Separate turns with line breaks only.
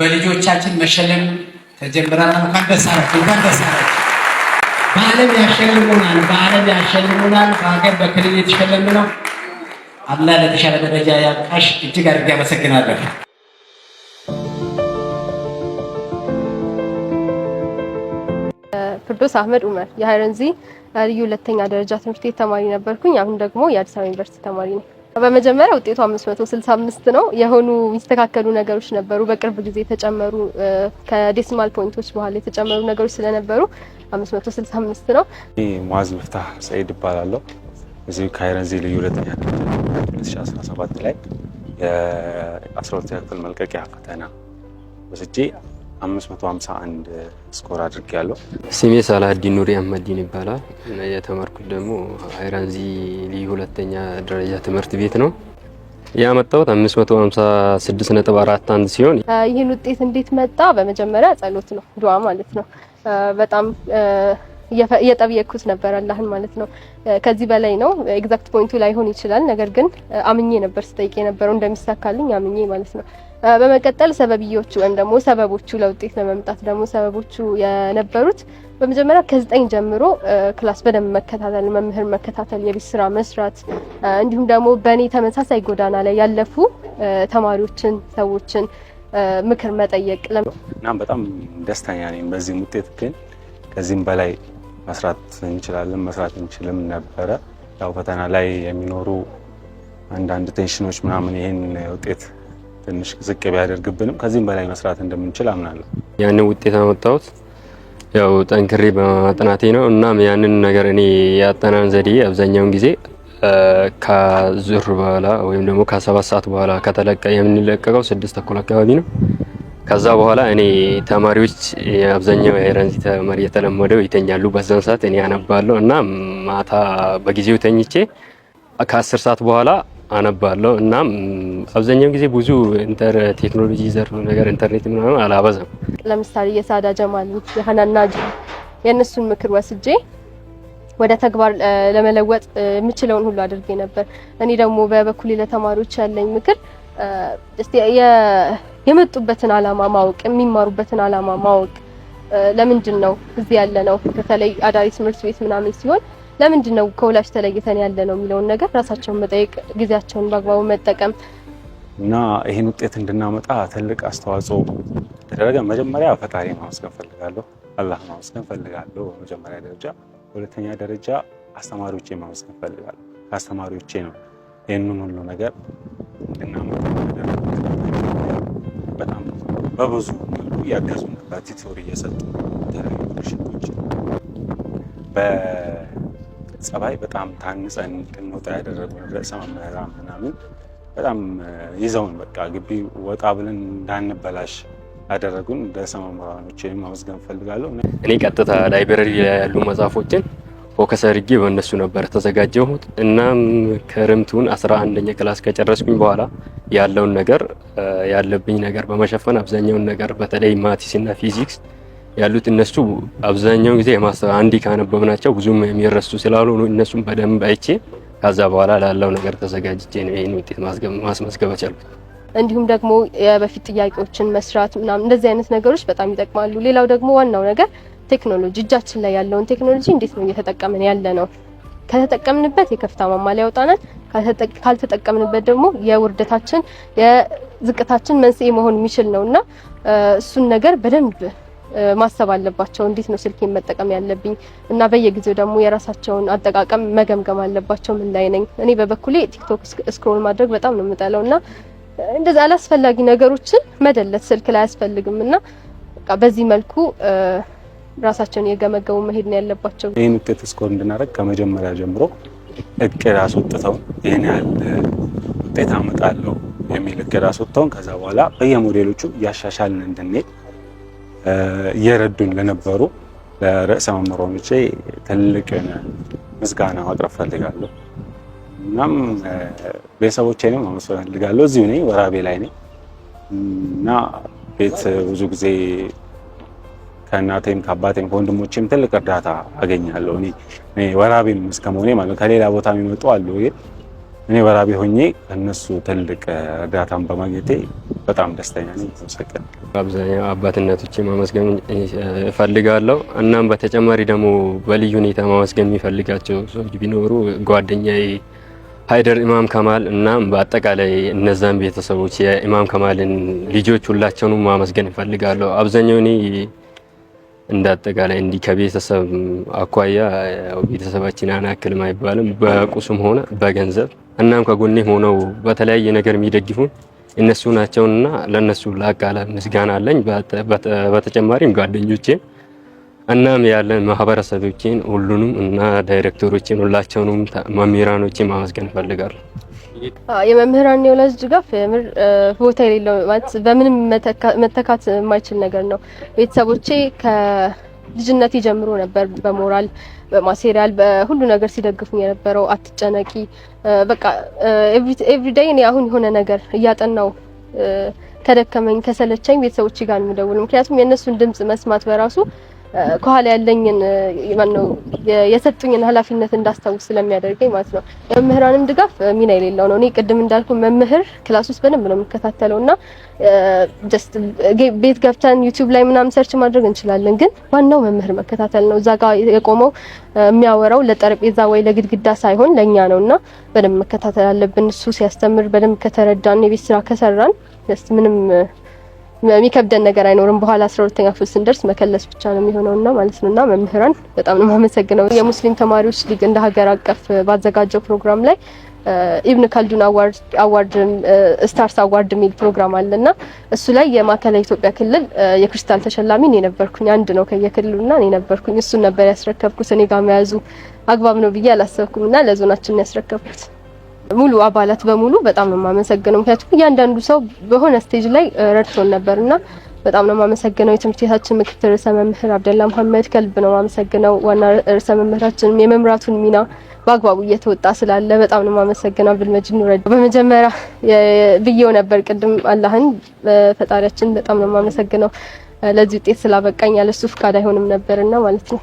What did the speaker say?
በልጆቻችን መሸለም ተጀምረናል። እንኳን ደስ አላችሁ፣ እንኳን ደስ አላችሁ። በዓለም ያሸልሙናል፣ በዓለም ያሸልሙናል። በሀገር በክልል የተሸለም ነው። አላህ ለተሻለ ደረጃ ያብቃሽ። እጅግ አድርጌ አመሰግናለሁ።
ፍርዶስ አህመድ ኡመር የሀይረንዚ ልዩ ሁለተኛ ደረጃ ትምህርት ቤት ተማሪ ነበርኩኝ። አሁን ደግሞ የአዲስ አበባ ዩኒቨርሲቲ ተማሪ ነው። በመጀመሪያ ውጤቱ 565 ነው። የሆኑ የሚስተካከሉ ነገሮች ነበሩ። በቅርብ ጊዜ የተጨመሩ ከዴሲማል ፖይንቶች በኋላ የተጨመሩ ነገሮች ስለነበሩ 565 ነው።
ሙአዝ መፍታህ ሰይድ እባላለሁ። እዚሁ ካይረንዚ ልዩ ሁለተኛ ክፍል 2017 ላይ የ12ኛ ክፍል መልቀቂያ ፈተና ወስጄ 551 ስኮር አድርግ ያለው።
ስሜ ሳላዲን ኑሪ አህመዲን ይባላል። የተማርኩት ደግሞ አይራንዚ ሊ ሁለተኛ ደረጃ ትምህርት ቤት ነው። ያመጣሁት 556 ነጥብ አራት አንድ ሲሆን
ይህን ውጤት እንዴት መጣ? በመጀመሪያ ጸሎት ነው፣ ዱዓ ማለት ነው። በጣም የጠብየኩት ነበር አላህን ማለት ነው። ከዚህ በላይ ነው ኤግዛክት ፖይንቱ ላይሆን ይችላል። ነገር ግን አምኜ ነበር ስጠይቅ የነበረው እንደሚሳካልኝ አምኜ ማለት ነው በመቀጠል ሰበብዮቹ ወይም ደግሞ ሰበቦቹ ለውጤት ለመምጣት ደግሞ ሰበቦቹ የነበሩት በመጀመሪያ ከዘጠኝ ጀምሮ ክላስ በደንብ መከታተል፣ መምህር መከታተል፣ የቤት ስራ መስራት እንዲሁም ደግሞ በእኔ ተመሳሳይ ጎዳና ላይ ያለፉ ተማሪዎችን ሰዎችን ምክር መጠየቅ
እና በጣም ደስተኛ ነኝ በዚህም ውጤት። ግን ከዚህም በላይ መስራት እንችላለን መስራት እንችልም ነበረ። ያው ፈተና ላይ የሚኖሩ አንዳንድ ቴንሽኖች ምናምን ይህን ውጤት ትንሽ ዝቅ ቢያደርግብንም ከዚህም በላይ መስራት እንደምንችል አምናለሁ።
ያንን ውጤት አመጣሁት ያው ጠንክሬ በማጥናቴ ነው። እናም ያንን ነገር እኔ ያጠናን ዘዴ አብዛኛውን ጊዜ ከዙር በኋላ ወይም ደግሞ ከሰባት ሰዓት በኋላ ከተለቀ የምንለቀቀው ስድስት ተኩል አካባቢ ነው። ከዛ በኋላ እኔ ተማሪዎች አብዛኛው የረንዚ ተማሪ የተለመደው ይተኛሉ። በዛን ሰዓት እኔ ያነባለሁ እና ማታ በጊዜው ተኝቼ ከአስር ሰዓት በኋላ አነባለሁ እና አብዛኛውን ጊዜ ብዙ ኢንተር ቴክኖሎጂ ዘር ነገር ኢንተርኔት ምናምን አላበዛም።
ለምሳሌ የሳዳ ጀማል የሀናናጅ የእነሱን ምክር ወስጄ ወደ ተግባር ለመለወጥ የምችለውን ሁሉ አድርጌ ነበር። እኔ ደግሞ በበኩሌ ለተማሪዎች ያለኝ ምክር የመጡበትን አላማ ማወቅ፣ የሚማሩበትን አላማ ማወቅ፣ ለምንድን ነው እዚህ ያለ ነው። በተለይ አዳሪ ትምህርት ቤት ምናምን ሲሆን ለምንድን ነው ከሁላች ተለይተን ያለ ነው የሚለውን ነገር ራሳቸውን መጠየቅ፣ ጊዜያቸውን በአግባቡ መጠቀም
እና ይህን ውጤት እንድናመጣ ትልቅ አስተዋጽኦ ተደረገ። መጀመሪያ ፈጣሪ ማመስገን ፈልጋለሁ፣ አላህ ማመስገን ፈልጋለሁ በመጀመሪያ ደረጃ። ሁለተኛ ደረጃ አስተማሪዎቼ ማመስገን ፈልጋለሁ። ከአስተማሪዎቼ ነው ይህንን ሁሉ ነገር እንድናመጣ በጣም በብዙ እያገዙ ነበር፣ ቲቶሪ እየሰጡ ተለያዩ ሽቶች ጸባይ በጣም ታንጸን እንድንወጣ ያደረጉን ርዕሰ መምህራን ምናምን በጣም ይዘውን በቃ ግቢ ወጣ ብለን እንዳንበላሽ ያደረጉን ርዕሰ መምህራኖችን ማመስገን እፈልጋለሁ።
እኔ ቀጥታ ላይብረሪ ላይ ያሉ መጽሐፎችን ፎከስ አድርጌ በእነሱ ነበር ተዘጋጀሁት። እናም ክረምቱን አስራ አንደኛ ክላስ ከጨረስኩኝ በኋላ ያለውን ነገር ያለብኝ ነገር በመሸፈን አብዛኛውን ነገር በተለይ ማቲስ እና ፊዚክስ ያሉት እነሱ አብዛኛውን ጊዜ አንድ ካነበብናቸው ብዙም የሚረሱ ስላሉ እነሱም በደንብ አይቼ ከዛ በኋላ ላለው ነገር ተዘጋጅቼ ነው ይህን ውጤት ማስመዝገብ ቻልኩት።
እንዲሁም ደግሞ የበፊት ጥያቄዎችን መስራት ምናምን እንደዚህ አይነት ነገሮች በጣም ይጠቅማሉ። ሌላው ደግሞ ዋናው ነገር ቴክኖሎጂ፣ እጃችን ላይ ያለውን ቴክኖሎጂ እንዴት ነው እየተጠቀምን ያለ ነው። ከተጠቀምንበት የከፍታ ማማ ያውጣናል፣ ካልተጠቀምንበት ደግሞ የውርደታችን የዝቅታችን መንስኤ መሆን የሚችል ነው እና እሱን ነገር በደንብ ማሰብ አለባቸው። እንዴት ነው ስልኬን መጠቀም ያለብኝ? እና በየጊዜው ደግሞ የራሳቸውን አጠቃቀም መገምገም አለባቸው። ምን ላይ ነኝ? እኔ በበኩሌ ቲክቶክ ስክሮል ማድረግ በጣም ነው የምጠለው እና እንደዛ አላስፈላጊ ነገሮችን መደለት ስልክ ላይ አያስፈልግም እና በዚህ መልኩ ራሳቸውን የገመገቡ መሄድ ነው ያለባቸው።
ይህን ውጤት ስኮር እንድናደርግ ከመጀመሪያ ጀምሮ እቅድ አስወጥተው ይህን ያህል ውጤት አመጣለሁ የሚል እቅድ አስወጥተውን ከዛ በኋላ በየሞዴሎቹ እያሻሻልን እንድንሄድ እየረዱኝ ለነበሩ ለርዕሰ መምህራኖቼ ትልቅ ምስጋና ማቅረብ ፈልጋለሁ። እናም ቤተሰቦቼንም ማመስገን ፈልጋለሁ። እዚሁ ነኝ፣ ወራቤ ላይ ነኝ እና ቤት ብዙ ጊዜ ከእናቴም ከአባቴም ከወንድሞቼም ትልቅ እርዳታ አገኛለሁ። እኔ ወራቤም እስከመሆኔ ማለት ከሌላ ቦታ የሚመጡ አሉ። እኔ ወራቤ ሆኜ ከእነሱ ትልቅ እርዳታን በማግኘቴ በጣም ደስተኛ ነኝ።
በአብዛኛው አባትነቶች ማመስገን እፈልጋለሁ። እናም በተጨማሪ ደግሞ በልዩ ሁኔታ ማመስገን የሚፈልጋቸው ሰዎች ቢኖሩ ጓደኛዬ ሀይደር ኢማም ከማል እናም በአጠቃላይ እነዛን ቤተሰቦች የኢማም ከማልን ልጆች ሁላቸውንም ማመስገን እፈልጋለሁ። አብዛኛው እኔ እንደ አጠቃላይ እንዲህ ከቤተሰብ አኳያ ቤተሰባችን አናክልም አይባልም፣ በቁሱም ሆነ በገንዘብ እናም ከጎኔ ሆነው በተለያየ ነገር የሚደግፉን እነሱ ናቸውና ለነሱ ላቃለ ምስጋና አለኝ። በተጨማሪም ጓደኞቼን እናም ያለን ማህበረሰቦችን ሁሉንም እና ዳይሬክተሮችን ሁላቸውንም መምህራኖችን ማመስገን እፈልጋለሁ።
የመምህራን የወላጅ ድጋፍ ምር ቦታ የሌለው ማለት በምንም መተካት የማይችል ነገር ነው። ቤተሰቦቼ ልጅነቴ ጀምሮ ነበር በሞራል በማቴሪያል በሁሉ ነገር ሲደግፉኝ የነበረው። አትጨነቂ በቃ ኤቭሪ ዴይ እኔ አሁን የሆነ ነገር እያጠናው ከደከመኝ ከሰለቸኝ ቤተሰቦች ጋር ምደውል ምክንያቱም የእነሱን ድምጽ መስማት በራሱ ከኋላ ያለኝን ማነው የሰጡኝን ኃላፊነት እንዳስታውስ ስለሚያደርገኝ ማለት ነው። የመምህራንም ድጋፍ ሚና የሌለው ነው። እኔ ቅድም እንዳልኩ መምህር ክላስ ውስጥ በደንብ ነው የምከታተለው እና ጀስት ቤት ገብተን ዩቲዩብ ላይ ምናምን ሰርች ማድረግ እንችላለን፣ ግን ዋናው መምህር መከታተል ነው። እዛ ጋር የቆመው የሚያወራው ለጠረጴዛ ወይ ለግድግዳ ሳይሆን ለእኛ ነው እና በደንብ መከታተል አለብን። እሱ ሲያስተምር በደንብ ከተረዳን፣ የቤት ስራ ከሰራን ምንም የሚከብደን ነገር አይኖርም። በኋላ አስራ ሁለተኛ ክፍል ስንደርስ መከለስ ብቻ ነው የሚሆነውና ማለት ነውና መምህራን በጣም ነው የማመሰግነው። የሙስሊም ተማሪዎች ሊግ እንደ ሀገር አቀፍ ባዘጋጀው ፕሮግራም ላይ ኢብን ካልዱን አዋርድ ስታርስ አዋርድ የሚል ፕሮግራም አለና እሱ ላይ የማዕከላዊ ኢትዮጵያ ክልል የክሪስታል ተሸላሚ እኔ ነበርኩኝ። አንድ ነው ከየክልሉና እኔ ነበርኩኝ። እሱን ነበር ያስረከብኩት። እኔ ጋር መያዙ አግባብ ነው ብዬ አላሰብኩም እና ለዞናችን ያስረከብኩት። ሙሉ አባላት በሙሉ በጣም ነው የማመሰግነው። ምክንያቱም እያንዳንዱ ሰው በሆነ ስቴጅ ላይ ረድቶን ነበርና በጣም ነው የማመሰግነው። የትምህርት ቤታችን ምክትል ርዕሰ መምህር አብደላ መሀመድ ከልብ ነው የማመሰግነው። ዋና ርዕሰ መምህራችንም የመምራቱን ሚና በአግባቡ እየተወጣ ስላለ በጣም ነው የማመሰግነው። አብዱልመጂድ ኑረዲ በመጀመሪያ ብዬው ነበር ቅድም አላህን ፈጣሪያችን በጣም ነው የማመሰግነው ለዚህ ውጤት ስላበቃኝ ያለሱ ፍቃድ አይሆንም ነበርና ማለት ነው።